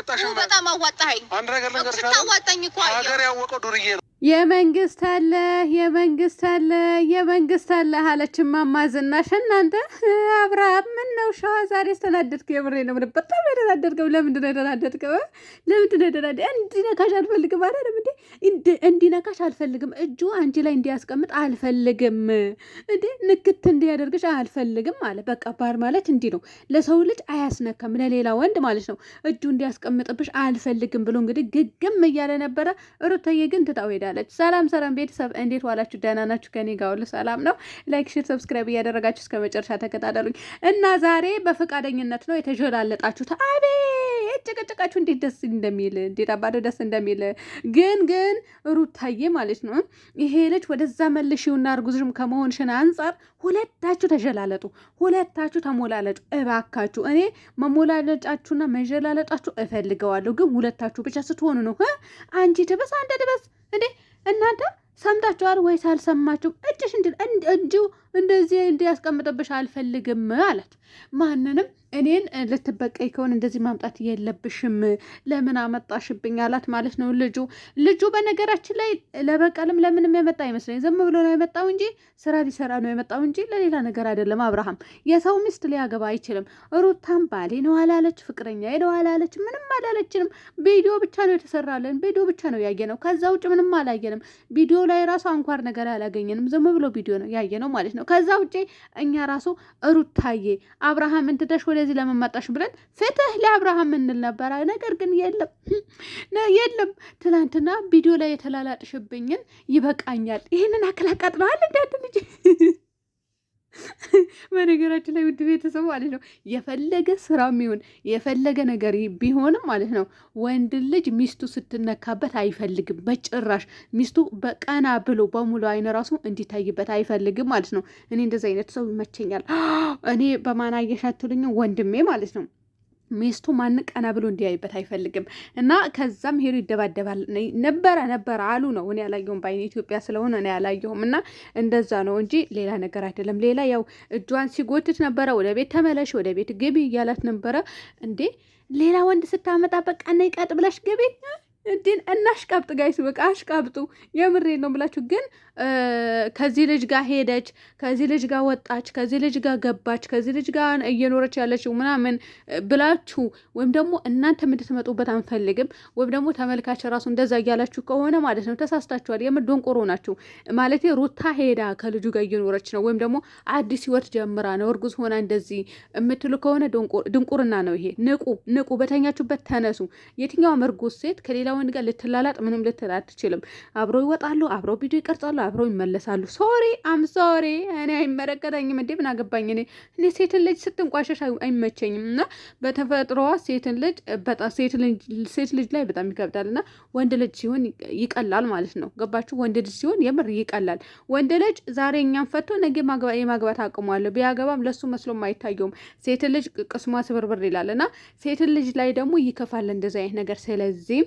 አዋጣሽ። በጣም አዋጣኸኝ። አንድ ነገር ልንገርሽ፣ ሀገር ያወቀው ዱርዬ ነው። የመንግስት አለ የመንግስት አለ የመንግስት አለ አለች እማማ ዝናሽ። እናንተ አብርሃም ነው ሸዋ ዛሬ ስተናደድከው? የምሬ ነው። ምንም በጣም የተናደድከው? ለምንድን ነው የተናደድከው? ለምንድን ነው የተናደድከው? እንዲነካሽ አልፈልግም አለም እንዴ? እንዲነካሽ አልፈልግም፣ እጁ አንቺ ላይ እንዲያስቀምጥ አልፈልግም፣ እንዴ ንክት እንዲያደርግሽ አልፈልግም አለ። በቃ ባር ማለት እንዲህ ነው። ለሰው ልጅ አያስነካም፣ ለሌላ ወንድ ማለት ነው። እጁ እንዲያስቀምጥብሽ አልፈልግም ብሎ እንግዲህ ግግም እያለ ነበረ። ሩታዬ ግን ትጣው ሄዳል ብላለች። ሰላም ሰላም ቤተሰብ እንዴት ዋላችሁ? ደህና ናችሁ? ከኔ ጋር ሁሉ ሰላም ነው። ላይክ፣ ሼር፣ ሰብስክራይብ እያደረጋችሁ እስከ መጨረሻ ተከታተሉኝ እና ዛሬ በፈቃደኝነት ነው የተጀላለጣችሁት። አቤት ጭቅጭቃችሁ እንዴት ደስ እንደሚል እንዴት አባደው ደስ እንደሚል ግን ግን ሩታዬ ማለት ነው ይሄ ልጅ ወደዛ መልሽውና እርጉዝሽም ከመሆንሽን አንጻር ሁለታችሁ ተጀላለጡ፣ ሁለታችሁ ተሞላለጡ እባካችሁ። እኔ መሞላለጫችሁና መጀላለጣችሁ እፈልገዋለሁ፣ ግን ሁለታችሁ ብቻ ስትሆኑ ነው አንቺ ድበስ አንድ ድበስ እንዴ እናንተ ሰምታችኋል ወይስ አልሰማችሁም? እጅሽ እንድ እጁ እንደዚህ እንዲያስቀምጥብሽ አልፈልግም አላት። ማንንም እኔን ልትበቀይ ከሆን እንደዚህ ማምጣት የለብሽም ለምን አመጣሽብኝ አላት ማለት ነው። ልጁ ልጁ በነገራችን ላይ ለበቀልም ለምንም የመጣ አይመስለኝ ዝም ብሎ ነው የመጣው እንጂ ስራ ሊሰራ ነው የመጣው እንጂ ለሌላ ነገር አይደለም። አብርሃም የሰው ሚስት ሊያገባ አይችልም። ሩታም ባሌ ነው አላለች፣ ፍቅረኛ ነው አላለች፣ ምንም አላለችንም። ቪዲዮ ብቻ ነው የተሰራለን፣ ቪዲዮ ብቻ ነው ያየነው። ከዛ ውጭ ምንም አላየንም። ቪዲዮ ላይ ራሱ አንኳር ነገር አላገኘንም። ዝም ብሎ ቪዲዮ ነው ያየነው ማለት ነው። ነው። ከዛ ውጭ እኛ ራሱ ሩታዬ አብርሃም እንትተሽ ወደዚህ ለመመጣሽ ብለን ፍትህ ለአብርሃም እንል ነበረ። ነገር ግን የለም የለም። ትናንትና ቪዲዮ ላይ የተላላጥሽብኝን ይበቃኛል። ይህንን አክል አቃጥለዋል እንዳንድ ልጅ በነገራችን ላይ ውድ ቤተሰብ ማለት ነው የፈለገ ስራ ሚሆን የፈለገ ነገር ቢሆንም ማለት ነው ወንድ ልጅ ሚስቱ ስትነካበት አይፈልግም በጭራሽ። ሚስቱ በቀና ብሎ በሙሉ አይን ራሱ እንዲታይበት አይፈልግም ማለት ነው። እኔ እንደዚ አይነት ሰው ይመቸኛል። እኔ በማናየሻትልኝ ወንድሜ ማለት ነው ሚስቱ ማን ቀና ብሎ እንዲያይበት አይፈልግም እና ከዛም ሄዶ ይደባደባል ነበረ ነበረ አሉ ነው እኔ ያላየሁም በአይኔ ኢትዮጵያ ስለሆነ እኔ ያላየሁም እና እንደዛ ነው እንጂ ሌላ ነገር አይደለም ሌላ ያው እጇን ሲጎትት ነበረ ወደ ቤት ተመለሽ ወደ ቤት ግቢ እያላት ነበረ እንዴ ሌላ ወንድ ስታመጣ በቃ ነይ ቀጥ ብለሽ ግቢ እድን እናሽቃብጥ አሽቃብጥ ጋይስ በቃ አሽቃብጡ። የምሬ ነው ብላችሁ ግን ከዚህ ልጅ ጋር ሄደች፣ ከዚህ ልጅ ጋር ወጣች፣ ከዚህ ልጅ ጋር ገባች፣ ከዚህ ልጅ ጋር እየኖረች ያለችው ምናምን ብላችሁ ወይም ደግሞ እናንተ እንድትመጡበት አንፈልግም። ወይም ደግሞ ተመልካች ራሱ እንደዛ እያላችሁ ከሆነ ማለት ነው ተሳስታችኋል። የምር ዶንቆሮ ናችሁ ማለት። ሩታ ሄዳ ከልጁ ጋር እየኖረች ነው ወይም ደግሞ አዲስ ህይወት ጀምራ ነው እርጉዝ ሆና እንደዚህ የምትሉ ከሆነ ድንቁርና ነው ይሄ። ንቁ፣ ንቁ፣ በተኛችሁበት ተነሱ። የትኛውም እርጉዝ ሴት ከሌላ ከሌላ ወንድ ጋር ልትላላጥ ምንም ልትል አትችልም። አብሮ ይወጣሉ፣ አብሮ ቪዲዮ ይቀርጻሉ፣ አብሮ ይመለሳሉ። ሶሪ አም ሶሪ እኔ አይመለከተኝም። እንዴ ምን አገባኝ እኔ እኔ ሴትን ልጅ ስትንቋሸሽ አይመቸኝም። እና በተፈጥሮዋ ሴትን ልጅ ሴት ልጅ ላይ በጣም ይከብዳል። እና ወንድ ልጅ ሲሆን ይቀላል ማለት ነው። ገባችሁ? ወንድ ልጅ ሲሆን የምር ይቀላል። ወንድ ልጅ ዛሬ እኛም ፈቶ ነገ የማግባት አቅሙ አለው። ቢያገባም ለሱ መስሎም አይታየውም። ሴት ልጅ ቅስሟ ስብርብር ይላል እና ሴት ልጅ ላይ ደግሞ ይከፋል እንደዚህ አይነት ነገር ስለዚህ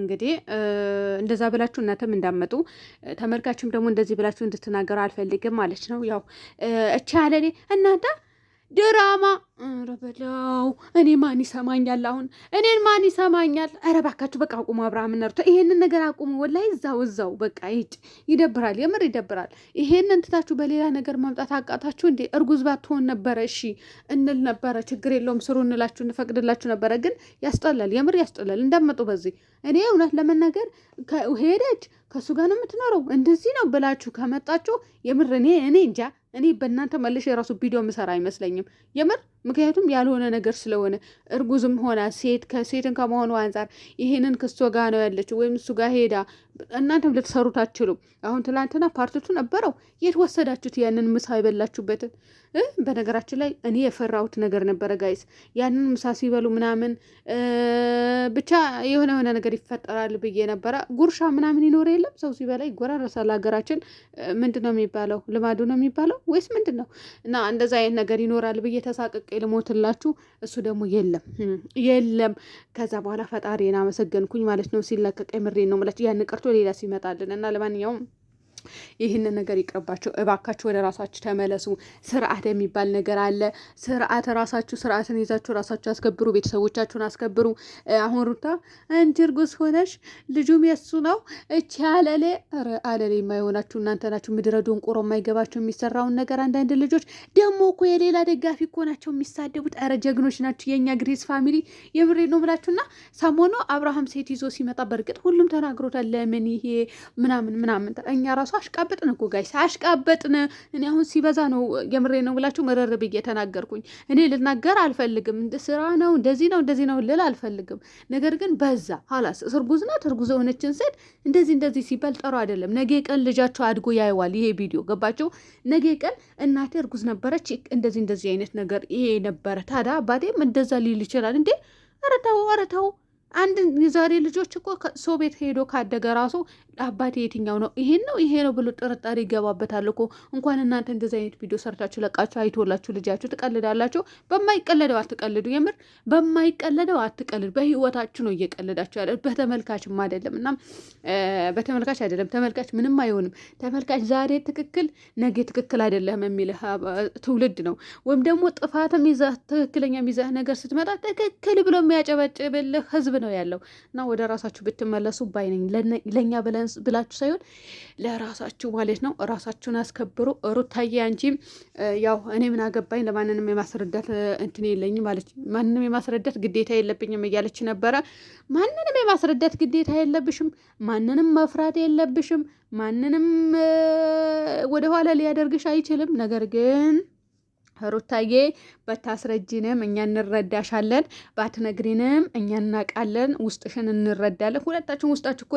እንግዲህ እንደዛ ብላችሁ እናንተም እንዳመጡ ተመልካችሁም ደግሞ እንደዚህ ብላችሁ እንድትናገሩ አልፈልግም ማለት ነው። ያው እቻ ያለኔ እናንተ ድራማ ኧረ እኔ ማን ይሰማኛል? አሁን እኔን ማን ይሰማኛል? ኧረ ባካችሁ በቃ አቁሙ። አብርሃም ነርቶ ይሄንን ነገር አቁሙ። ወላሂ እዛው እዛው በቃ ይጭ ይደብራል፣ የምር ይደብራል። ይሄን እንትታችሁ በሌላ ነገር ማምጣት አቃታችሁ እንዴ? እርጉዝ ባትሆን ነበረ እሺ እንል ነበረ፣ ችግር የለውም ስሩ እንላችሁ እንፈቅድላችሁ ነበረ። ግን ያስጠላል፣ የምር ያስጠላል። እንዳመጡ በዚህ እኔ እውነት ለመናገር ሄደች ከእሱ ጋር ነው የምትኖረው እንደዚህ ነው ብላችሁ ከመጣችሁ የምር እኔ እኔ እንጃ እኔ በእናንተ መልሼ የራሱ ቪዲዮ ምሰራ አይመስለኝም የምር ምክንያቱም ያልሆነ ነገር ስለሆነ እርጉዝም ሆነ ሴት ከሴትን ከመሆኑ አንጻር ይሄንን ክሶ ጋ ነው ያለች ወይም እሱ ጋር ሄዳ እናንተም ልትሰሩት አትችሉም። አሁን ትላንትና ፓርቲቱ ነበረው የት ወሰዳችሁት? ያንን ምሳ የበላችሁበትን። በነገራችን ላይ እኔ የፈራሁት ነገር ነበረ ጋይስ፣ ያንን ምሳ ሲበሉ ምናምን ብቻ የሆነ የሆነ ነገር ይፈጠራል ብዬ ነበረ። ጉርሻ ምናምን ይኖር የለም ሰው ሲበላ ይጎራረሳል። ሀገራችን ምንድን ነው የሚባለው? ልማዱ ነው የሚባለው ወይስ ምንድን ነው? እና እንደዛ አይነት ነገር ይኖራል ብዬ ተሳቅቄ ልሞትላችሁ፣ እሱ ደግሞ የለም የለም። ከዛ በኋላ ፈጣሪን አመሰገንኩኝ ማለት ነው። ሲለቀቀ ምሬን ነው ምላችሁ ያን ቀርቶ ሌላ ሲመጣልን እና ለማንኛውም ይህን ነገር ይቅርባቸው እባካችሁ፣ ወደ ራሳችሁ ተመለሱ። ስርዓት የሚባል ነገር አለ። ስርዓት ራሳችሁ ስርዓትን ይዛችሁ ራሳችሁ አስከብሩ፣ ቤተሰቦቻችሁን አስከብሩ። አሁን ሩታ አንቺ እርጉዝ ሆነሽ ልጁም የሱ ነው እቺ አለሌ አለሌ የማይሆናችሁ እናንተ ናችሁ። ምድረ ዶንቆሮ የማይገባቸው የሚሰራውን ነገር አንዳንድ ልጆች ደግሞ እኮ የሌላ ደጋፊ እኮ ናቸው የሚሳደቡት። ኧረ ጀግኖች ናቸው የእኛ ግሬስ ፋሚሊ፣ የምሬ ነው ምላችሁና ሰሞኑ አብርሃም ሴት ይዞ ሲመጣ በእርግጥ ሁሉም ተናግሮታል። ለምን ይሄ ምናምን ምናምን እኛ ራሱ አሽቃበጥን እኮ ጋይስ አሽቃበጥን። እኔ አሁን ሲበዛ ነው የምሬ ነው ብላችሁ መረር ብዬ ተናገርኩኝ። እኔ ልናገር አልፈልግም። ስራ ነው እንደዚህ ነው እንደዚህ ነው ልል አልፈልግም። ነገር ግን በዛ ኋላስ እርጉዝ ናት እርጉዝ የሆነችን ስል እንደዚህ እንደዚህ ሲባል ጠሩ አይደለም። ነገ ቀን ልጃቸው አድጎ ያየዋል። ይሄ ቪዲዮ ገባቸው። ነገ ቀን እናቴ እርጉዝ ነበረች እንደዚህ እንደዚህ አይነት ነገር ይሄ ነበረ። ታዲያ አባቴም እንደዛ ሊል ይችላል እንዴ? ኧረ ተው ኧረ ተው አንድ የዛሬ ልጆች እኮ ሰው ቤት ሄዶ ካደገ ራሱ አባቴ የትኛው ነው ይሄን ነው ይሄ ነው ብሎ ጥርጣሬ ይገባበታል እኮ። እንኳን እናንተ እንደዚህ አይነት ቪዲዮ ሰርታችሁ ለቃችሁ አይቶላችሁ ልጃችሁ ትቀልዳላችሁ። በማይቀለደው አትቀልዱ፣ የምር በማይቀለደው አትቀልዱ። በህይወታችሁ ነው እየቀለዳችሁ ያለ፣ በተመልካችም አይደለም እና በተመልካች አይደለም። ተመልካች ምንም አይሆንም። ተመልካች ዛሬ ትክክል ነገ ትክክል አይደለም የሚል ትውልድ ነው። ወይም ደግሞ ጥፋትም ይዘህ ትክክለኛ ይዘህ ነገር ስትመጣ ትክክል ብሎ የሚያጨበጭብልህ ህዝብ ነው ነው ያለው እና ወደ ራሳችሁ ብትመለሱ ባይ ነኝ። ለእኛ ብላችሁ ሳይሆን ለራሳችሁ ማለት ነው። ራሳችሁን አስከብሩ። ሩታዬ አንቺ ያው እኔ ምን አገባኝ ለማንንም የማስረዳት እንትን የለኝ ማለት ማንንም የማስረዳት ግዴታ የለብኝም እያለች ነበረ። ማንንም የማስረዳት ግዴታ የለብሽም። ማንንም መፍራት የለብሽም። ማንንም ወደኋላ ሊያደርግሽ አይችልም። ነገር ግን ሩታዬ በታስረጅንም እኛ እንረዳሻለን፣ ባትነግሪንም እኛ እናውቃለን፣ ውስጥሽን እንረዳለን። ሁለታችን ውስጣችሁ እኮ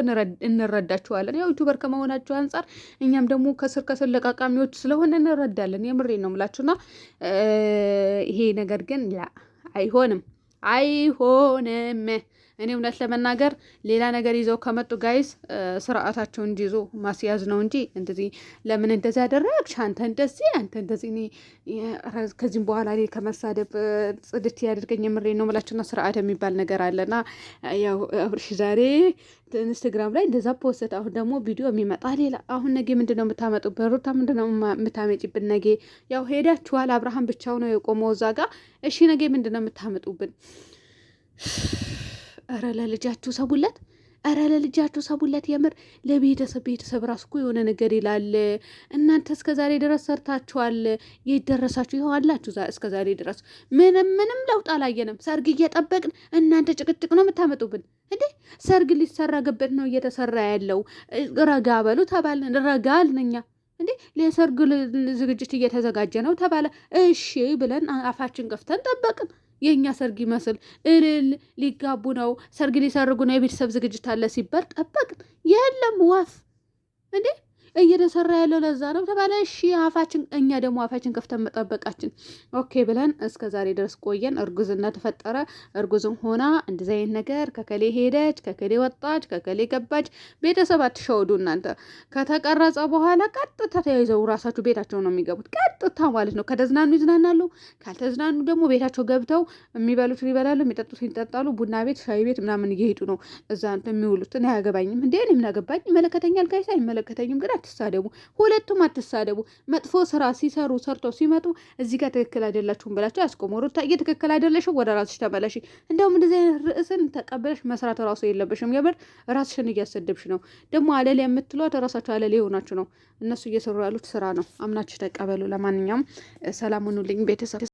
እንረዳችኋለን። ያው ዩቱበር ከመሆናችሁ አንጻር እኛም ደግሞ ከስር ከስር ለቃቃሚዎች ስለሆነ እንረዳለን። የምሬ ነው የምላችሁና ይሄ ነገር ግን ላ አይሆንም አይሆንም እኔ እውነት ለመናገር ሌላ ነገር ይዘው ከመጡ ጋይስ ስርዓታቸውን እንዲይዞ ማስያዝ ነው እንጂ እንደዚህ ለምን እንደዚህ ያደረግሽ አንተ እንደዚህ አንተ እንደዚህ ከዚህም በኋላ እኔ ከመሳደብ ጽድት ያደርገኝ የምሬ ነው ምላቸውና ስርዓት የሚባል ነገር አለና ያው አብርሽ ዛሬ ኢንስትግራም ላይ እንደዛ ፖስት፣ አሁን ደግሞ ቪዲዮ የሚመጣ ሌላ። አሁን ነጌ ምንድነው የምታመጡ በሩታ ምንድነው ምንድን ነው የምታመጪብን? ነገ ያው ሄዳችኋል። አብርሃም ብቻው ነው የቆመው እዛ ጋ። እሺ ነጌ ምንድነው የምታመጡብን? ኧረ ለልጃችሁ ሰቡለት፣ ኧረ ለልጃችሁ ሰቡለት። የምር ለቤተሰብ ቤተሰብ ራሱ እኮ የሆነ ነገር ይላል። እናንተ እስከ ዛሬ ድረስ ሰርታችኋል፣ የደረሳችሁ ይኸው አላችሁ። እስከ ዛሬ ድረስ ምንም ምንም ለውጥ አላየንም። ሰርግ እየጠበቅን እናንተ ጭቅጭቅ ነው የምታመጡብን እንዴ? ሰርግ ሊሰረግበት ነው እየተሰራ ያለው። ረጋ በሉ ተባልን፣ ረጋ አልን እኛ እንዴ ለሰርግ ዝግጅት እየተዘጋጀ ነው ተባለ። እሺ ብለን አፋችን ከፍተን ጠበቅን። የእኛ ሰርግ ይመስል እልል ሊጋቡ ነው፣ ሰርግ ሊሰርጉ ነው፣ የቤተሰብ ዝግጅት አለ ሲባል ጠበቅ የለም ወፍ እንዴ እየተሰራ ያለው ለዛ ነው ተባለ። እሺ አፋችን እኛ ደግሞ አፋችን ከፍተን መጠበቃችን ኦኬ ብለን እስከ ዛሬ ድረስ ቆየን። እርጉዝና ተፈጠረ። እርጉዝም ሆና እንደዚ አይነት ነገር ከከሌ ሄደች፣ ከከሌ ወጣች፣ ከከሌ ገባች። ቤተሰብ አትሸወዱ እናንተ። ከተቀረጸ በኋላ ቀጥታ ተያይዘው ራሳችሁ ቤታቸው ነው የሚገቡት። ቀጥታ ማለት ነው። ከተዝናኑ ይዝናናሉ፣ ካልተዝናኑ ደግሞ ቤታቸው ገብተው የሚበሉት ይበላሉ፣ የሚጠጡት ይጠጣሉ። ቡና ቤት፣ ሻይ ቤት ምናምን እየሄዱ ነው እዛ የሚውሉትን። አያገባኝም እንዴ? ምን አገባኝ? ይመለከተኛል። ጋይሳ አይመለከተኝም ግን አትሳደቡ፣ ሁለቱም አትሳደቡ። መጥፎ ስራ ሲሰሩ ሰርተው ሲመጡ እዚህ ጋር ትክክል አይደላችሁም ብላችሁ ያስቆሙ። ሩታዬ ትክክል አይደለሽም፣ ወደ ራስሽ ተመለሽ። እንደውም እንደዚህ አይነት ርዕስን ተቀበለሽ መስራት ራሱ የለብሽም። የምር ራስሽን እያሰደብሽ ነው። ደግሞ አለል የምትሏት ራሳቸው አለል የሆናችሁ ነው። እነሱ እየሰሩ ያሉት ስራ ነው። አምናችሁ ተቀበሉ። ለማንኛውም ሰላም ሁኑልኝ ቤተሰብ።